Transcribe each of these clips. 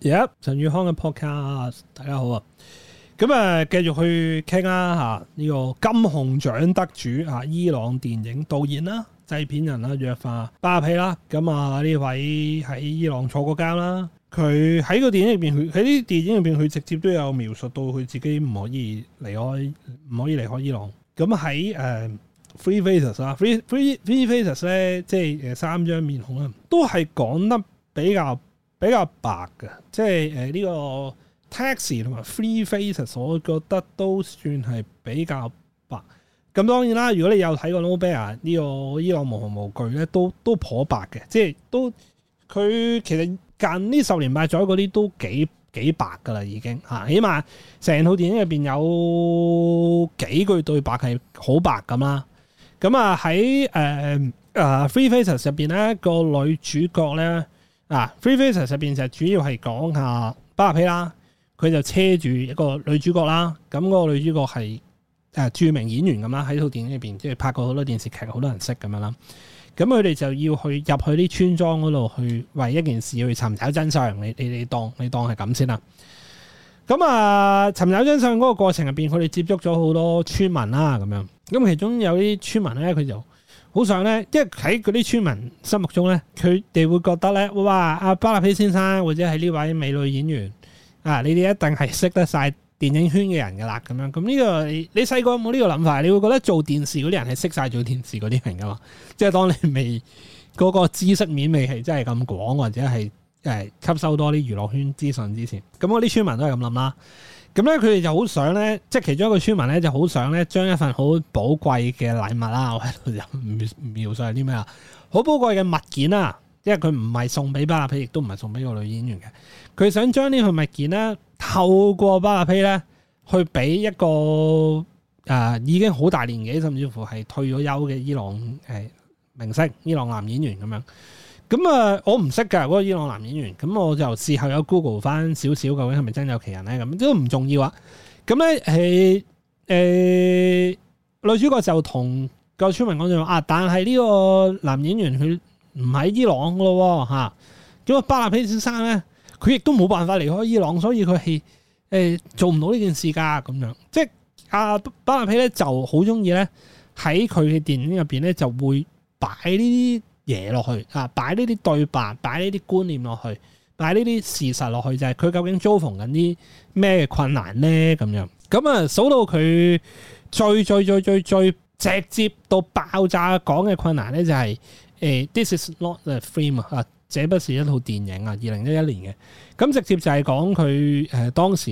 Yep, 陳宇康嘅 podcast，大家好啊！咁啊，繼續去傾啦吓，呢個金熊獎得主啊，伊朗電影導演啦、製片人啦，約化巴皮啦，咁啊呢位喺伊朗坐過監啦，佢喺個電影入邊，佢喺啲電影入邊，佢直接都有描述到佢自己唔可以離開，唔可以離開伊朗。咁喺誒，Three Faces 啦，Three Three Three Faces 咧，即係誒三張面孔啊，都係講得比較。比較白嘅，即係誒呢個 taxi 同埋 Three Faces 我覺得都算係比較白。咁當然啦，如果你有睇過、No Bear, 這個呢個呢個伊朗無熊無懼咧，都都頗白嘅，即係都佢其實近呢十年拍咗嗰啲都幾幾白噶啦，已經嚇、啊，起碼成套電影入邊有幾句對白係好白咁啦。咁啊喺誒啊 Three Faces 入邊咧，呃呃面呢個女主角咧。啊、Free、f r e e Faces 入邊就主要係講下巴皮啦，佢就車住一個女主角啦，咁、那、嗰個女主角係誒、呃、著名演員咁啦，喺套電影入邊即係拍過好多電視劇，好多人識咁樣啦。咁佢哋就要去入去啲村莊嗰度去為一,一件事去尋找真相，你你你當你當係咁先啦。咁啊，尋找真相嗰個過程入邊，佢哋接觸咗好多村民啦，咁樣，咁其中有啲村民咧，佢就。好上咧，即係喺嗰啲村民心目中咧，佢哋會覺得咧，哇！阿巴納批先生或者係呢位美女演員啊，你哋一定係識得晒電影圈嘅人噶啦，咁樣。咁呢個你細個有冇呢個諗法，你會覺得做電視嗰啲人係識晒做電視嗰啲人噶嘛，即係當你未嗰、嗰個知識面未係真係咁廣或者係。吸收多啲娛樂圈資訊之前，咁我啲村民都係咁諗啦。咁咧佢哋就好想咧，即其中一個村民咧就好想咧，將一份好寶貴嘅禮物啦，我喺度就描描述係啲咩啊？好寶貴嘅物件啦，因為佢唔係送俾巴阿呸，亦都唔係送俾個女演員嘅。佢想將呢份物件咧，透過巴阿呸咧，去俾一個、呃、已經好大年紀，甚至乎係退咗休嘅伊朗明星、伊朗男演員咁樣。咁啊、嗯，我唔識㗎嗰、那個伊朗男演員，咁我就事後有 Google 翻少少，究竟係咪真有其人咧？咁都唔重要啊。咁咧，係誒、欸呃、女主角就同個村民講住話，啊，但係呢個男演員佢唔喺伊朗咯，嚇。咁啊，巴拿皮先生咧，佢亦都冇辦法離開伊朗，所以佢係誒做唔到呢件事㗎。咁樣，即係啊，巴拿皮咧就好中意咧，喺佢嘅電影入邊咧就會擺呢啲。嘢落去啊！擺呢啲對白，擺呢啲觀念落去，擺呢啲事實落去，就係、是、佢究竟遭逢緊啲咩困難呢？咁樣咁啊，數到佢最最最最最直接到爆炸講嘅困難呢、就是，就係誒，This is not a film 啊！這不是一套電影啊，二零一一年嘅咁直接就係講佢誒當時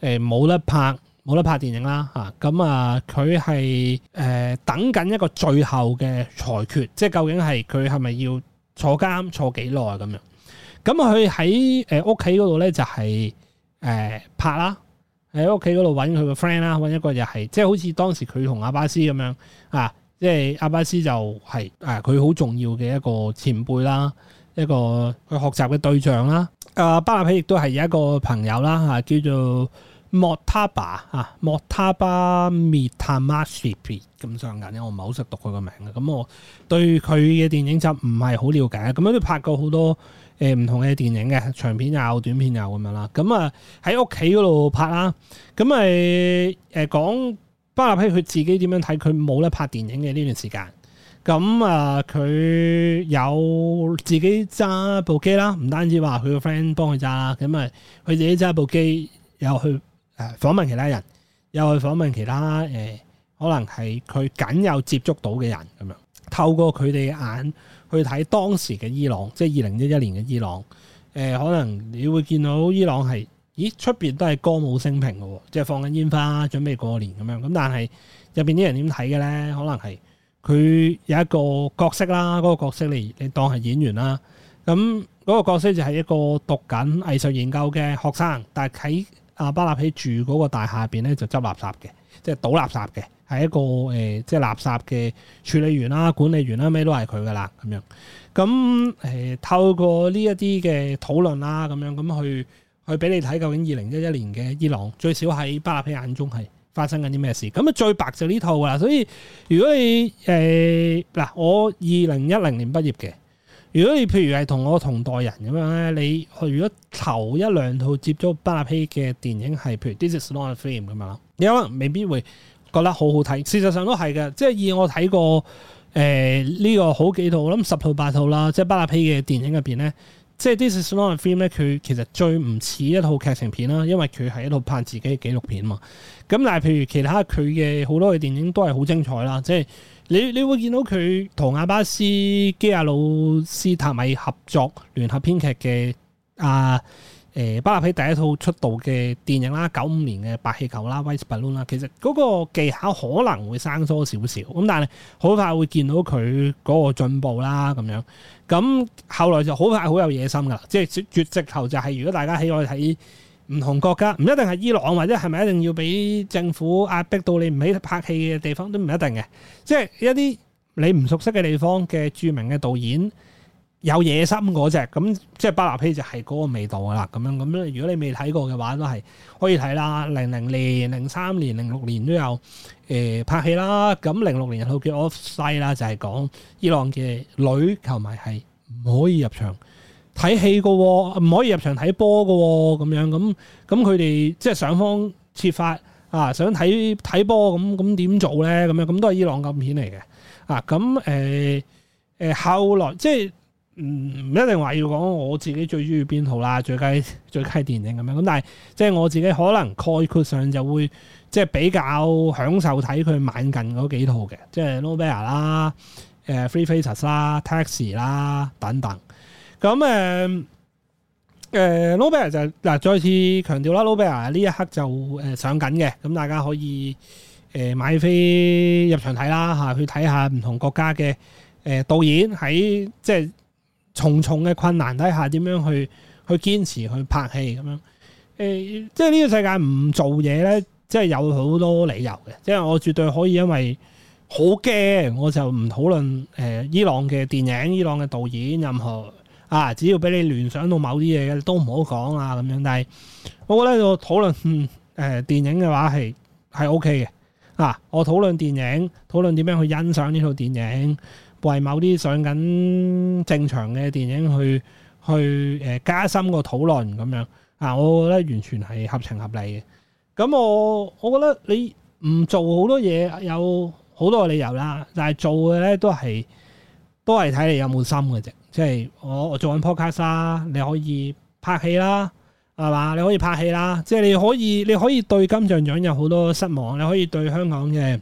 誒冇、呃、得拍。冇得拍電影啦嚇，咁啊佢係誒等緊一個最後嘅裁決，即係究竟係佢係咪要坐監坐幾耐咁樣？咁佢喺誒屋企嗰度咧就係、是、誒、呃、拍啦，喺屋企嗰度揾佢個 friend 啦，揾一個又、就、係、是、即係好似當時佢同阿巴斯咁樣啊，即係阿巴斯就係誒佢好重要嘅一個前輩啦，一個佢學習嘅對象啦。阿、啊、巴拿皮亦都係有一個朋友啦嚇、啊，叫做莫他巴啊，莫他巴米塔馬希皮咁上緊，因我唔係好識讀佢個名嘅，咁我對佢嘅電影就唔係好了解。咁樣都拍過好多呃、唔同嘅電影嘅，長片又短片又咁樣啦。咁啊喺屋企嗰度拍啦，咁咪、呃、講巴拿希佢自己點樣睇，佢冇得拍電影嘅呢段時間，咁啊佢有自己揸部機啦，唔單止話佢個 friend 幫佢揸啦，咁啊佢自己揸部機又去，誒訪問其他人，又去訪問其他誒、呃，可能係佢僅有接觸到嘅人咁樣，透過佢哋眼去睇當時嘅伊朗，即係二零一一年嘅伊朗。誒、呃，可能你會見到伊朗係，咦出邊都係歌舞升平嘅喎，即係放緊煙花，準備過年咁樣。咁但係入邊啲人點睇嘅呢？可能係佢有一個角色啦，嗰、那個角色你你當係演員啦。咁、那、嗰個角色就係一個讀緊藝術研究嘅學生，但係喺啊巴納希住嗰個大廈入邊咧就執垃圾嘅，即係倒垃圾嘅，係一個誒、呃、即係垃圾嘅處理員啦、管理員啦，咩都係佢噶啦咁樣。咁誒、呃、透過呢一啲嘅討論啦，咁樣咁去去俾你睇究竟二零一一年嘅伊朗最少喺巴納希眼中係發生緊啲咩事？咁啊最白就呢套啦，所以如果你誒嗱、呃，我二零一零年畢業嘅。如果你譬如係同我同代人咁樣咧，你如果頭一兩套接觸巴納希嘅電影係譬如 This Is Not A Film 咁樣，你可能未必會覺得好好睇。事實上都係嘅，即係以我睇過呢、呃這個好幾套，我諗十套八套啦，即係巴納希嘅電影入邊咧，即係 This Is Not A Film 咧，佢其實最唔似一套劇情片啦，因為佢係一套拍自己嘅紀錄片嘛。咁但係譬如其他佢嘅好多嘅電影都係好精彩啦，即係。你你會見到佢同阿巴斯基亞魯斯塔米合作聯合編劇嘅啊、呃、巴納皮第一套出道嘅電影啦，九五年嘅《白氣球》啦，《White Balloon》啦，其實嗰個技巧可能會生疏少少，咁但係好快會見到佢嗰個進步啦咁樣。咁後來就好快好有野心噶啦，即係絕直頭就係如果大家喜愛睇。唔同國家唔一定係伊朗，或者係咪一定要俾政府壓迫到你唔喺拍戲嘅地方都唔一定嘅，即係一啲你唔熟悉嘅地方嘅著名嘅導演有野心嗰隻，咁即係《巴拿比》就係嗰個味道啦。咁樣咁樣，如果你未睇過嘅話都係可以睇啦。零零年、零三年、零六年都有誒、呃、拍戲啦。咁零六年有套叫 off《Offside》啦，就係講伊朗嘅女球迷係唔可以入場。睇戲嘅喎，唔可以入場睇波嘅喎，咁樣咁咁佢哋即係想方設法啊，想睇睇波咁咁點做咧？咁樣咁都係伊朗咁片嚟嘅啊！咁誒誒後來即係唔唔一定話要講我自己最中意邊套啦，最佳最佳電影咁樣咁，但係即係我自己可能概括上就會即係比較享受睇佢晚近嗰幾套嘅，即係《No Bear》啦、《Three Faces》啦、啊、《Taxi》啦等等。咁誒誒，No Bears 就嗱，再次強調啦，No Bears 呢一刻就誒、呃、上緊嘅，咁大家可以誒、呃、買飛入場睇啦吓，去睇下唔同國家嘅誒、呃、導演喺即係重重嘅困難底下點樣去去堅持去拍戲咁樣誒、呃，即係呢個世界唔做嘢咧，即係有好多理由嘅，即係我絕對可以因為好驚，我就唔討論誒伊朗嘅電影、伊朗嘅導演任何。啊！只要俾你聯想到某啲嘢嘅都唔好講啊咁樣，但係我覺得我討論誒、嗯呃、電影嘅話係係 OK 嘅啊！我討論電影，討論點樣去欣賞呢套電影，為某啲上緊正常嘅電影去去、呃、加深個討論咁樣啊！我覺得完全係合情合理嘅。咁我我覺得你唔做好多嘢有好多理由啦，但係做嘅咧都係都係睇你有冇心嘅啫。即係我我做緊 podcast 啦，你可以拍戲啦，係嘛？你可以拍戲啦，即係你可以你可以對金像獎有好多失望，你可以對香港嘅誒、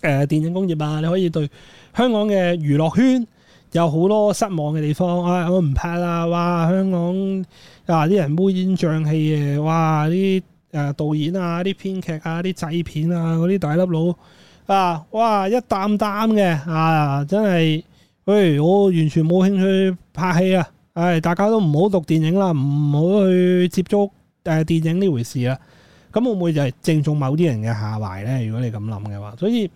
呃、電影工業啊，你可以對香港嘅娛樂圈有好多失望嘅地方啊，我唔拍啦哇，香港啊啲人烏煙瘴氣嘅，哇啲誒導演啊、啲編劇啊、啲製片啊嗰啲大粒佬啊，哇一擔擔嘅啊，真係～喂，我完全冇興趣拍戲啊！唉，大家都唔好讀電影啦，唔好去接觸誒、呃、電影呢回事啊！咁會唔會就係正中某啲人嘅下懷咧？如果你咁諗嘅話，所以誒、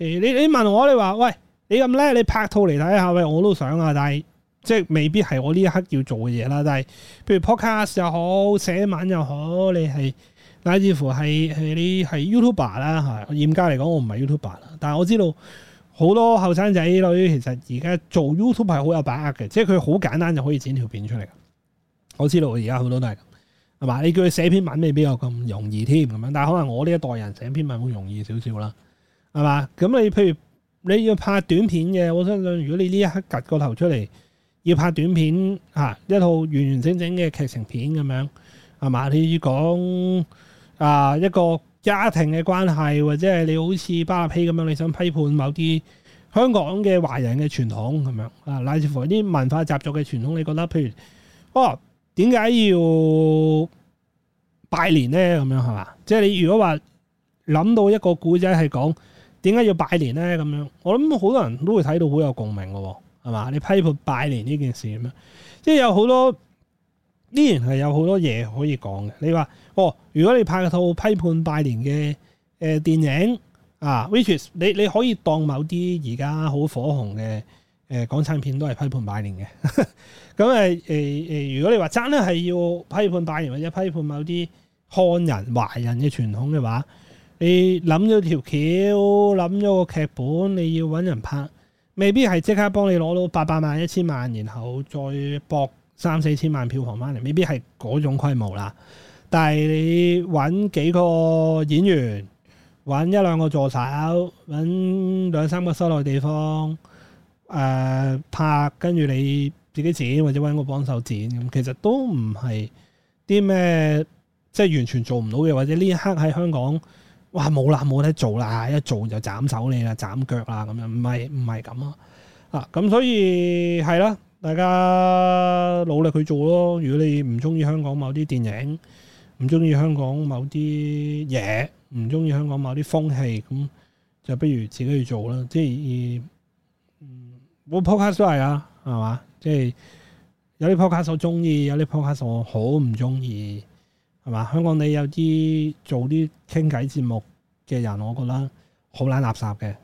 呃，你你問我你話喂，你咁叻，你拍套嚟睇下喂，我都想啊！但係即係未必係我呢一刻要做嘅嘢啦。但係譬如 podcast 又好，寫文又好，你係乃至乎係係你係 YouTuber 啦吓。嚴格嚟講，我唔係 YouTuber 啦，you uber, 但係我知道。好多後生仔女其實而家做 YouTube 係好有把握嘅，即係佢好簡單就可以剪條片出嚟。我知道我而家好多都係咁，係嘛？你叫佢寫篇文，你邊有咁容易添咁樣。但可能我呢一代人寫篇文會容易少少啦，係嘛？咁你譬如你要拍短片嘅，我相信如果你呢一刻隔個頭出嚟，要拍短片、啊、一套完完整整嘅劇情片咁樣，係嘛？你要講啊一個。家庭嘅關係，或者係你好似巴阿呸咁樣，你想批判某啲香港嘅華人嘅傳統咁樣啊？乃至乎啲文化習俗嘅傳統，你覺得譬如，哦，點解要拜年咧？咁樣係嘛？即係你如果話諗到一個古仔係講點解要拜年咧？咁樣我諗好多人都會睇到好有共鳴嘅喎，係嘛？你批判拜年呢件事咁樣，即係有好多依然係有好多嘢可以講嘅。你話。哦，如果你拍套批判拜年嘅誒電影啊 which 你你可以當某啲而家好火紅嘅誒、呃、港產片都係批判拜年嘅。咁誒誒誒，如果你話真係要批判拜年或者批判某啲漢人華人嘅傳統嘅話，你諗咗條橋，諗咗個劇本，你要揾人拍，未必係即刻幫你攞到八百萬一千萬，然後再博三四千萬票房翻嚟，未必係嗰種規模啦。但係你揾幾個演員，揾一兩個助手，揾兩三個室內地方，誒、呃、拍，跟住你自己剪或者揾個幫手剪，咁其實都唔係啲咩，即係完全做唔到嘅，或者呢一刻喺香港，哇，冇啦，冇得做啦，一做就斬手你啦，斬腳啦咁樣，唔係唔係咁咯，啊咁所以係啦，大家努力去做咯。如果你唔中意香港某啲電影，唔中意香港某啲嘢，唔中意香港某啲風氣，咁就不如自己去做啦。即係，呃、嗯、冇 podcast 都係啊，係嘛？即係有啲 podcast 我中意，有啲 podcast 我好唔中意，係嘛？香港你有啲做啲傾偈節目嘅人，我覺得好懶垃圾嘅；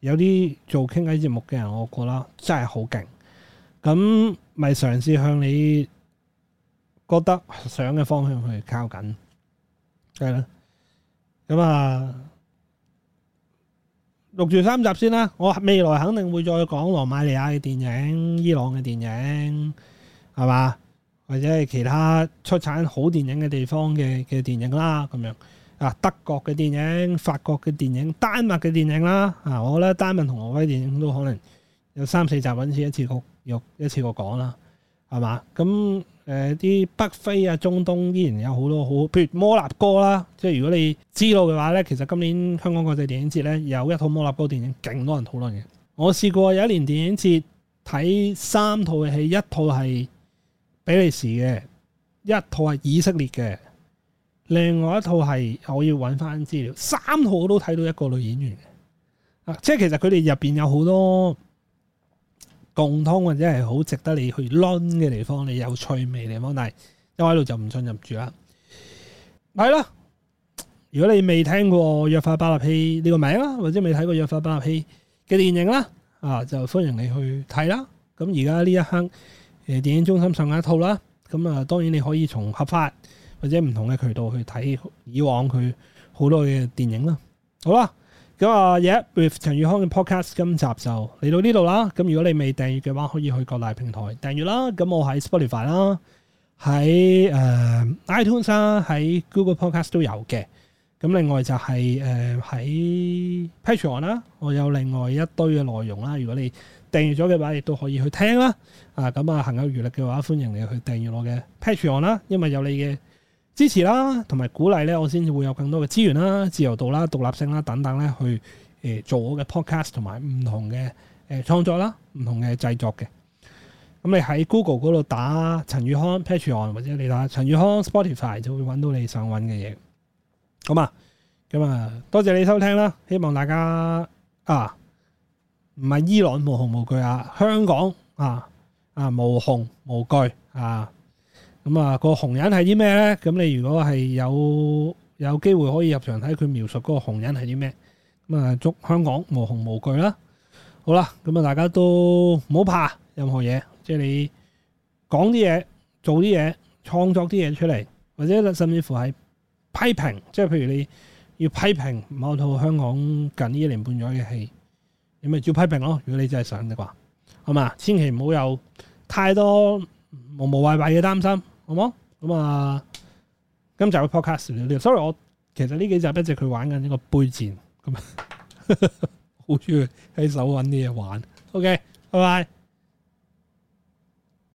有啲做傾偈節目嘅人，我覺得真係好勁。咁咪嘗試向你覺得想嘅方向去靠緊，係啦，咁啊錄住三集先啦。我未來肯定會再講羅馬尼亞嘅電影、伊朗嘅電影，係嘛？或者係其他出產好電影嘅地方嘅嘅電影啦，咁樣啊，德國嘅電影、法國嘅電影、丹麥嘅電影啦啊，我覺得丹麥同挪威電影都可能有三四集揾次一次過約一次過講啦。係嘛？咁誒啲北非啊、中東依然有好多好，譬如摩納哥啦，即係如果你知道嘅話呢，其實今年香港國際電影節呢有一套摩納哥電影，勁多人討論嘅。我試過有一年電影節睇三套嘅戲，一套係比利時嘅，一套係以色列嘅，另外一套係我要揾翻資料，三套我都睇到一個女演員嘅，啊，即係其實佢哋入邊有好多。共通或者係好值得你去 run 嘅地方，你有趣味嘅地方，但係因為喺度就唔進入住啦。係啦，如果你未聽過《約化巴納戲》呢個名啦，或者未睇過《約化巴納戲》嘅電影啦，啊，就歡迎你去睇啦。咁而家呢一刻，誒電影中心上緊一套啦。咁啊，當然你可以從合法或者唔同嘅渠道去睇以往佢好多嘅電影啦。好啦。咁啊，Yeah，with 陳宇康嘅 podcast，今集就嚟到呢度啦。咁如果你未訂閱嘅話，可以去各大平台訂閱啦。咁我喺 Spotify 啦，喺誒 iTunes 啦，喺 Google Podcast 都有嘅。咁另外就係誒喺 Patreon 啦，我有另外一堆嘅內容啦。如果你訂閱咗嘅話，亦都可以去聽啦。啊，咁啊，行有餘力嘅話，歡迎你去訂閱我嘅 Patreon 啦，因為有你嘅支持啦，同埋鼓勵咧，我先至會有更多嘅資源啦、自由度啦、獨立性啦等等咧，去誒做我嘅 podcast 同埋唔同嘅誒創作啦、唔同嘅製作嘅。咁你喺 Google 嗰度打陳宇康、Patreon 或者你打陳宇康、Spotify 就會揾到你想揾嘅嘢。好嘛，咁啊，多謝你收聽啦，希望大家啊，唔係伊朗無熊無懼啊，香港啊啊無熊無懼啊。咁啊，個紅人係啲咩咧？咁你如果係有有機會可以入場睇佢描述嗰個紅人係啲咩？咁啊，祝香港無恐無懼啦！好啦，咁啊，大家都唔好怕任何嘢，即係你講啲嘢、做啲嘢、創作啲嘢出嚟，或者甚至乎係批評，即係譬如你要批評某套香港近一年半左右嘅戲，你咪照批評咯。如果你真係想嘅話，係嘛？千祈唔好有太多無無謂謂嘅擔心。好冇？咁啊，今集嘅 podcast 少少。Sorry，我其實呢幾集一直佢玩緊呢個杯戰，咁啊好中意，喺手揾啲嘢玩。OK，拜拜。Bye.